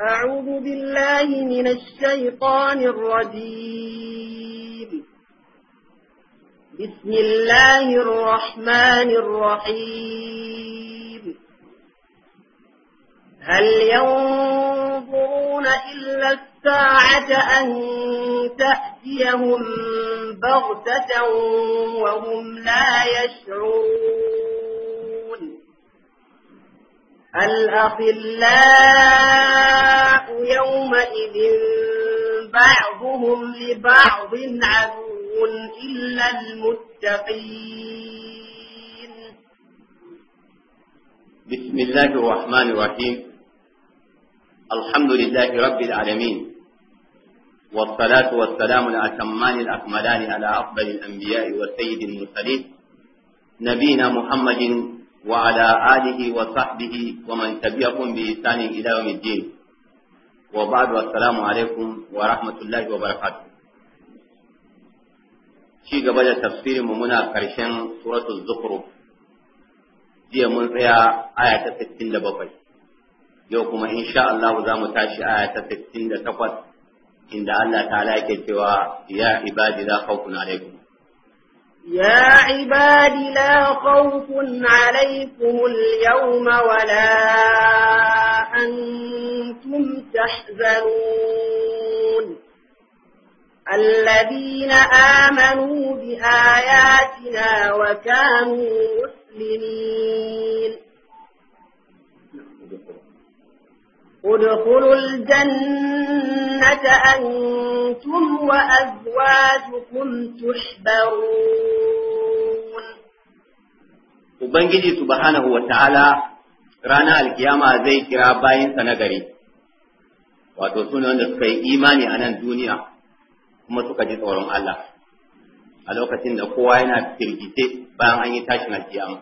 أعوذ بالله من الشيطان الرجيم بسم الله الرحمن الرحيم هل ينظرون إلا الساعة أن تأتيهم بغتة وهم لا يشعرون الأخلاء يومئذ بعضهم لبعض عدو إلا المتقين بسم الله الرحمن الرحيم الحمد لله رب العالمين والصلاة والسلام الأتمان الأكملان على أفضل الأنبياء والسيد المرسلين نبينا محمد وعلى آله وصحبه ومن تبعهم بإحسان إلى يوم الدين وبعد والسلام عليكم ورحمة الله وبركاته ci gaba da tafsirin mu muna karshen suratul zukhruf jiya mun tsaya aya ta 67 yau kuma insha Allah za mu tashi aya ta 68 inda Allah ta'ala yake cewa ya ibadi alaikum يا عباد لا خوف عليكم اليوم ولا أنتم تحزنون الذين آمنوا بآياتنا وكانوا مسلمين ادخلوا الجنة أنتم وأزواجكم تحبرون وبنجي سبحانه وتعالى رانا القيامة زي كرابين سنقري wato أن wanda suka yi imani a nan duniya kuma suka ji tsoron Allah a lokacin da kowa yana firgice bayan an yi tashin alkiyama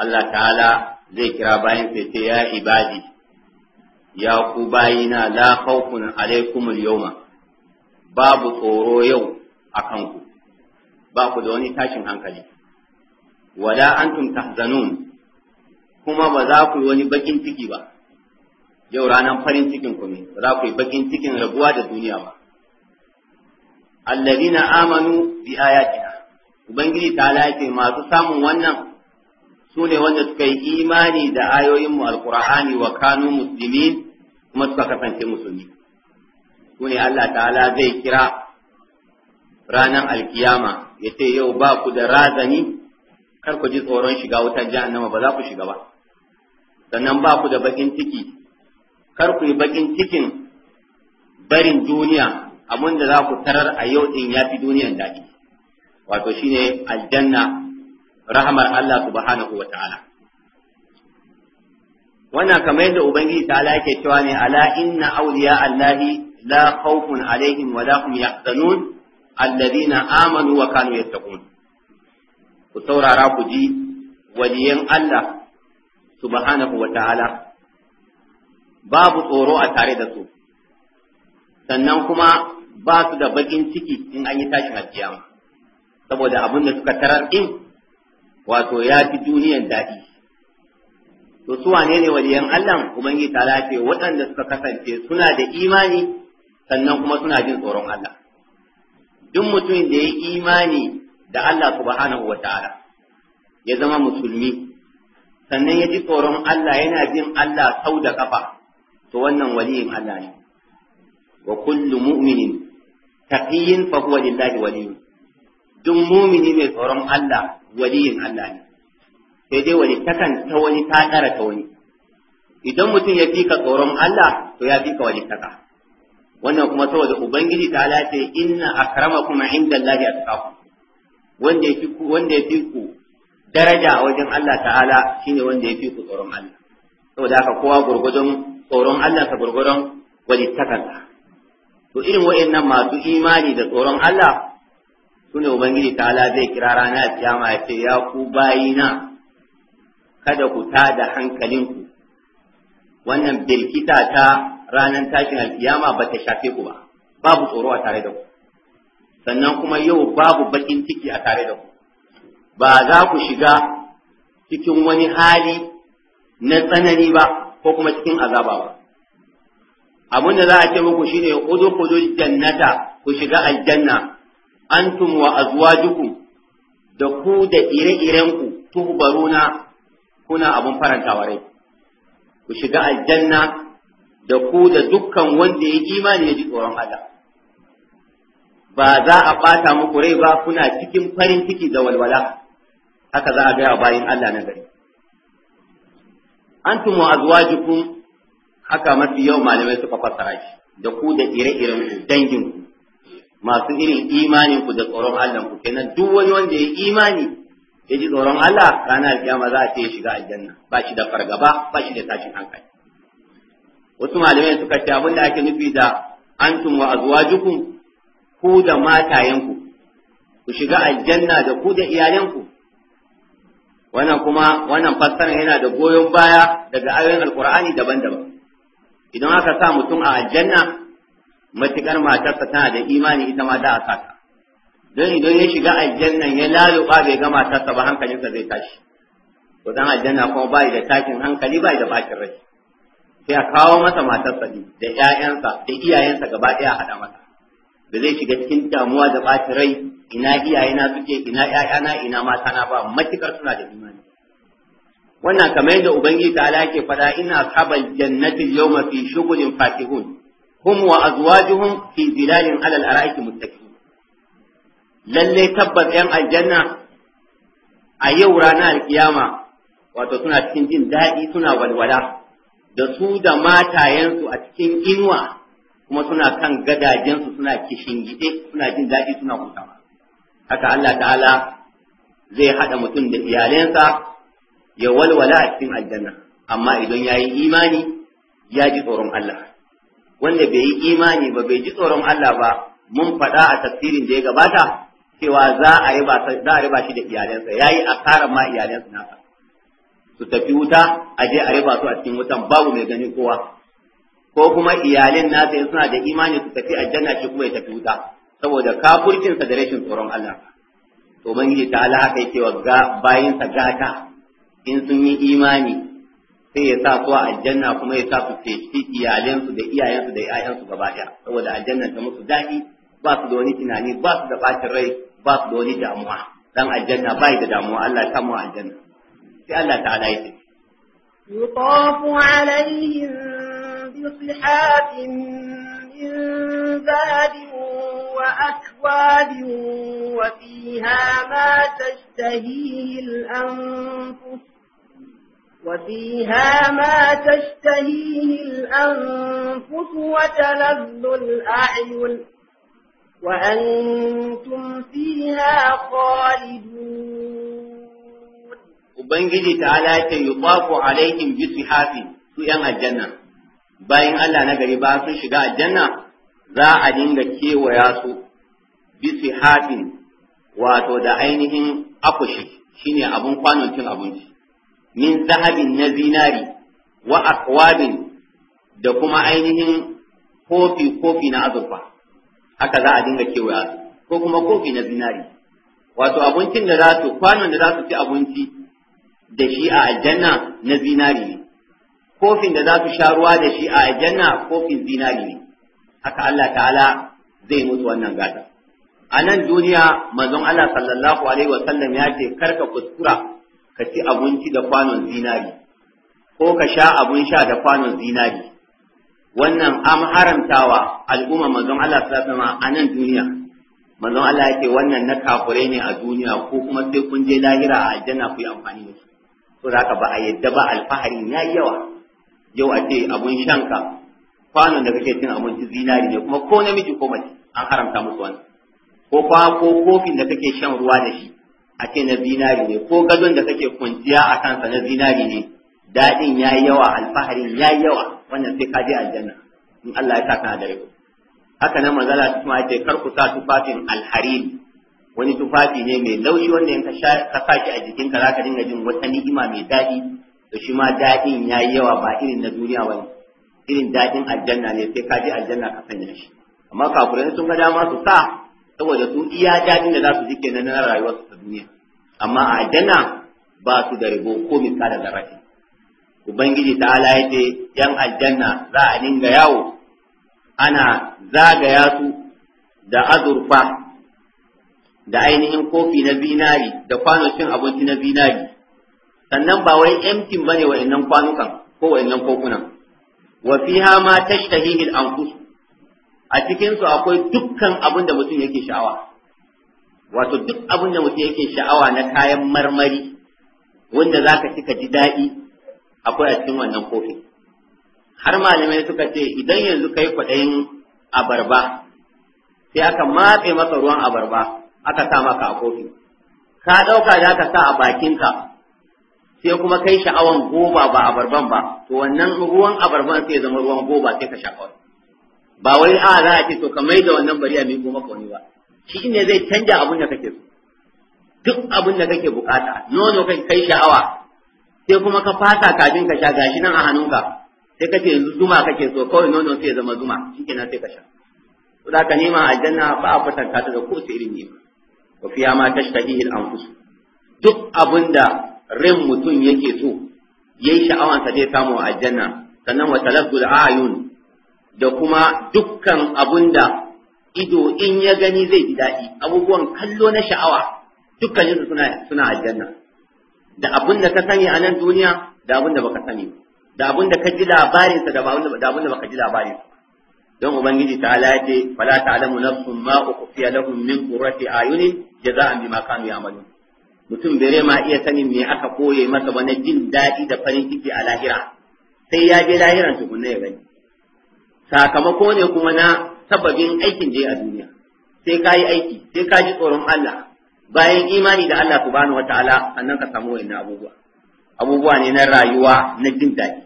Allah ta'ala zai kira bayan sai ya ibadi ya ku bayina la khawfun alaikumul yawma babu tsoro yau akan ku ba ku da wani tashin hankali wala antum tahzanun kuma ba za ku yi wani bakin ciki ba yau ranar farin cikin ku ne ba za ku yi bakin cikin rabuwa da duniya ba alladina amanu bi ayatina ubangiji ta lafi masu samun wannan su ne wanda suka yi imani da ayoyin mu alqur'ani wa kanu muslimin kuma suka kasance musulmi su ne Allah ta'ala zai kira ranar alkiyama ya ce yau ba ku da razani kar ku ji tsoron shiga wutar jahannama ba za ku shiga ba sannan ba ku da bakin ciki kar ku yi bakin cikin barin duniya abin da za ku tarar a yau din ya fi duniyan daɗi wato shine aljanna rahamar Allah subhanahu wa ta'ala wannan kamar yadda ubangiji ta ala yake cewa ne ala inna awliya allahi la khawfun alaihim wa la hum yahzanun alladhina amanu wa kanu yattaqun ku saurara ku ji waliyan Allah subhanahu wa ta'ala babu tsoro a tare da su sannan kuma ba su da bakin ciki in an yi tashin alkiyama saboda abin da suka tarar din wato ya fi duniyan daɗi to su wane ne waliyan Allah ubangi ta lafe waɗanda suka kasance suna da imani sannan kuma suna jin tsoron Allah duk mutumin da ya yi imani da Allah subhanahu wa ta'ala ya zama musulmi sannan ya ji tsoron Allah yana jin Allah sau da kafa to wannan waliyin Allah ne wa kullu mu'minin taqiyin fa huwa lillahi waliyu duk mumini mai tsoron Allah waliyin Allah ne sai dai wani takan ta wani ta ɗara ta wani idan mutum ya fika tsoron Allah to ya fika wani taka wannan kuma saboda ubangiji ta ala ce inna akramakum inda Allah ya tsaka wanda ya ku wanda ya fi ku daraja a wajen Allah ta'ala shine wanda ya fi ku tsoron Allah saboda haka kowa gurgudun tsoron Allah ta gurgudun wani takansa to irin wa'annan masu imani da tsoron Allah sune ubangiji ta'ala zai kira rana kiyama ya ce ya ku bayina kada ku ta tada hankalinku wannan birkita ta ranar tashin alkiyama ba ta shafe ku ba babu tsoro a tare da ku sannan kuma yau babu bakin ciki a tare da ku ba za ku shiga cikin wani hali na tsanani ba ko kuma cikin azaba ba abin da za a ce muku shine kudu kudu jannata ku shiga aljanna antum wa azwajukum da ku da ire-irenku tuhbaruna kuna abun farantawa rai ku shiga aljanna da ku da dukkan wanda ya yi imani ya ji tsoron Allah ba za a ɓata muku rai ba kuna cikin farin ciki da walwala haka za a gaya bayan Allah na gari antum wa azwajukum haka mafi yau malamai su fassara rai, da ku da ire-iren dangin ku masu irin imanin ku da tsoron Allah ku kenan duk wani wanda ya imani ya ji tsoron Allah rana alƙiyama za a ce shiga aljanna ba shi da fargaba ba shi da tashin hankali wasu malamai suka ce abin da ake nufi da antum wa azwajukum ku da matayenku ku shiga aljanna da ku da iyalanku wannan kuma wannan fassara yana da goyon baya daga ayoyin alkur'ani daban-daban idan aka sa mutum a aljanna matukar matarsa tana da imani ita ma za a sa ta don idan ya shiga aljanna ya laluba bai ga matarsa ba hankalinsa zai tashi to dan aljanna kuma bai da takin hankali bai da bakin rai sai a kawo masa matarsa ne da ƴaƴansa da iyayensa gaba ɗaya a haɗa masa da zai shiga cikin damuwa da ɓacin rai ina iyayena suke ina ƴaƴana ina matana ba matukar suna da imani wannan kamar yadda ubangiji ta ala yake faɗa ina sabal jannati yawma fi shughulin Fatihun. هم wa في fi zilalin alal ara'iki للي تبت tabbas yan aljanna a yau وتصنع alkiyama wato suna cikin jin daɗi suna walwala da su da matayensu a cikin kuma suna kan gadajensu suna kishingide suna jin daɗi suna kusa haka Allah ta'ala zai haɗa mutum da iyalensa ya walwala a cikin aljanna amma idan yayi imani ya ji tsoron Allah wanda bai yi imani ba bai ji tsoron Allah ba mun faɗa a tafsirin da ya gabata cewa za a riba a shi da iyalansa yayi a ma iyalansa nasa su tafi wuta a je a riba su a cikin wutan babu mai gani kowa ko kuma iyalin nasa in suna da imani su tafi aljanna shi kuma ya tafi wuta saboda kafurcinsa da rashin tsoron Allah to ubangiji ta Allah haka yake wa bayinsa gata in sun yi imani sai ya sa su a aljanna kuma ya sa su ceci iyalansu da iyayensu da iyayensu gaba ɗaya saboda aljanna ta musu daɗi ba su da wani tunani ba su da ɓacin rai ba su da wani damuwa dan aljanna bai da damuwa Allah ya mu aljanna sai Allah ta'ala ya ce min عليهم wa من wa وأكواب وفيها ما تشتهيه الأنفس وفيها ما تشتهيه الأنفس وتلذ الأعين وأنتم فيها خالدون وبنجي تعالى يطاف عليهم بصحاف سوء الجنة bayan Allah na gari ba sun shiga aljanna za a dinga kewaya su bisi hafin wato da ainihin akushi shine abun kwanon cin abinci min zahabin na zinari wa akwabin da kuma ainihin kofi kofi na azurfa haka za a dinga kewaya su ko kuma kofi na zinari wato abincin da za su kwanon da za su ci abinci da shi a aljanna na zinari ne kofin da za su sha ruwa da shi a aljanna kofin zinari ne haka Allah ta'ala zai mutu wannan gata a nan duniya manzon Allah sallallahu alaihi wasallam ya ce karka kuskura ka ci abinci da kwanon zinari ko ka sha abin sha da kwanon zinari wannan an haramtawa al'umma manzon Allah sallallahu alaihi a nan duniya manzon Allah yake wannan na kafure ne a duniya ko kuma sai kun je lahira a aljanna ku yi amfani da shi to zaka ba a yadda ba alfahari ya yi yawa yau a ce abun shanka kwanon da kake cin abinci zinari ne kuma ko namiji ko mace an haramta musu wannan ko kwa ko kofin da kake shan ruwa da shi a ce na zinari ne ko gadon da kake kwanciya a kansa na zinari ne daɗin ya yi yawa alfaharin ya yi yawa wannan sai ka je aljanna in Allah ya sa ka da rai haka nan manzala su kuma ce kar ku sa tufafin alharim wani tufafi ne mai laushi wanda in ka sa shi a jikinka za dinga jin wata ni'ima mai daɗi to shi ma daɗin ya yi yawa ba irin na duniya ba irin daɗin aljanna ne sai ka je aljanna ka sanya shi amma kafirai sun ga dama su sa saboda su iya daɗin da za su ji kenan na rayuwarsu duniya amma a aljanna ba su da rabo ko da rafi ubangiji ta ya ce yan aljanna za a dinga yawo ana zagaya su da azurfa da ainihin kofi na binari, da kwano cin abinci na binari. sannan ba wai emtin bane wa'annan kwanukan ko wa'annan kofunan wa fiha ma tashtahihi al-anfus a cikinsu akwai dukkan abinda mutum yake sha'awa wato duk abin da mutum yake sha'awa na kayan marmari wanda za ka cika ji daɗi akwai a cikin wannan kofin har malamai suka ce idan yanzu kai kwaɗayin abarba sai aka matse maka ruwan abarba aka sa maka a kofi ka ɗauka za ka sa a bakinka sai kuma kai sha'awan goba ba abarban ba to wannan ruwan abarban sai zama ruwan goba sai ka sha ba wai a za a ce to ka mai da wannan bari a miƙo maka wani ba shi ne zai canja abin da kake so duk abin da kake bukata nono kai kai sha'awa sai kuma ka fasa kafin ka sha gashi nan a hannunka sai kace zuma kake so kawai nono sai ya zama zuma shikenan sai ka sha za ka nema aljanna ba a fatan ta da ko sai irin nema wa fiya ma tashtahihi al-anfus duk da ran mutum yake so yayi sha'awansa zai samu a aljanna sannan wa talaffu al-ayun da kuma dukkan da. ido in ya gani zai ji daɗi abubuwan kallo na sha'awa dukkanin su suna suna aljanna da abun da ka sani a nan duniya da abun da baka sani da abun da ka ji labarin sa da abun da baka ji labarin sa don ubangiji ta ala ce fala ta'lamu nafsun ma ukhfiya lahum min qurrati ayuni jaza'an bima kanu ya'malun mutum bare ma iya sanin me aka koye masa ba na jin daɗi da farin ciki a lahira sai ya je lahiran tukunna ya gani sakamako ne kuma na sababin aikin da a duniya sai ka yi aiki sai ka ji tsoron Allah bayan imani da Allah subhanahu ta'ala annan ka samu wayannan abubuwa abubuwa ne na rayuwa na jin daɗi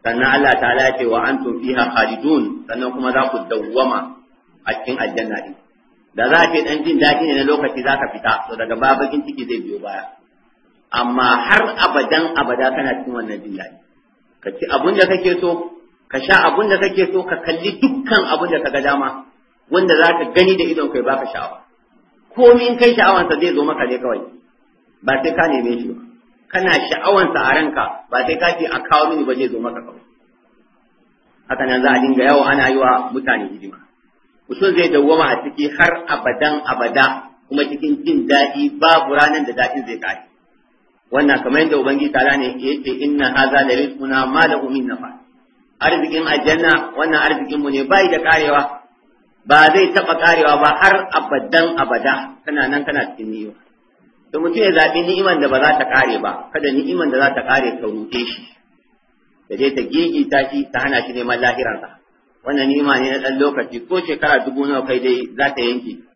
sannan Allah ta'ala ya ce wa antum fiha khalidun sannan kuma za ku dawwama a cikin aljanna din da za a dan jin daɗi ne na lokaci za ka fita to daga babakin ciki zai biyo baya amma har abadan abada kana cikin wannan jin daɗi ka ci abin da kake so ka sha abun da kake so ka kalli dukkan abun da kaga dama wanda za ka gani da idon kai baka sha'awa komai in kai sha'awansa zai zo maka ne kawai ba sai ka neme shi ba kana sha'awansa a ranka ba sai ka ce a kawo mini ba zai zo maka kawai haka nan za a dinga yawo ana yi wa mutane hidima mutum zai dawwama a ciki har abadan abada kuma cikin jin daɗi babu ranar da daɗin zai kare wannan kamar yadda ubangiji ta ne yake inna hadha la rizquna ma lahu min nafa arzikin aljanna wannan arzikin mu ne bai da karewa ba zai taɓa karewa ba har abadan abada kana nan kana cikin ni'ima to mutum ya zaɓi ni'iman da ba za ta kare ba kada ni'iman da za ta kare ta rute shi da je ta ta shi ta hana shi neman lahiransa wannan ni'ima ne na ɗan lokaci ko shekara dubu nawa kai dai za ta yanke